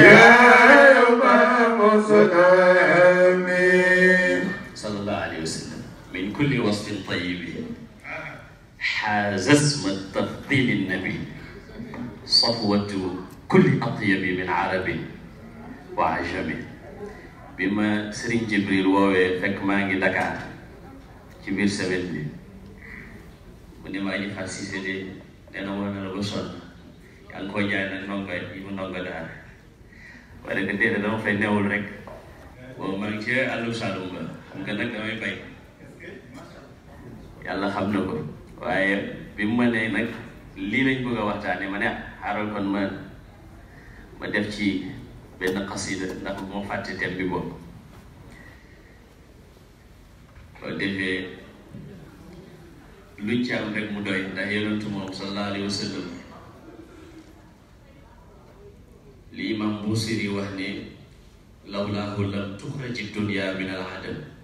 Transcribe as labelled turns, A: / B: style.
A: يوم
B: مسلم صلى الله عليه
A: وسلم من كل وصف طيب حاز اسم التفضيل النبي صفوة كل أطيب من عرب وعجم بما سرين جبريل ووي فك ماغي دكار ci biir semaine bi mu ne ma aji far si sédé nee na war na la ba sonn yaa ngi koy jaay nag ndongo yi mu ndongo daara wala que tey dama fay newul rek bon maa ngi ca àllu Saloum ba xam nga nag damay bay yàlla xam na ko waaye bi mu ma nag lii lañ bëgg a waxtaane ma ne xaaral kon ma ma def ci benn xasida ndax bu ma fàtte thème boo defee luñ ci am rek mu doy ndax yonentu moom sallallahu alayhi wa li imam Busiri wax ne lawlaahu lam tuxraji dunya min al adam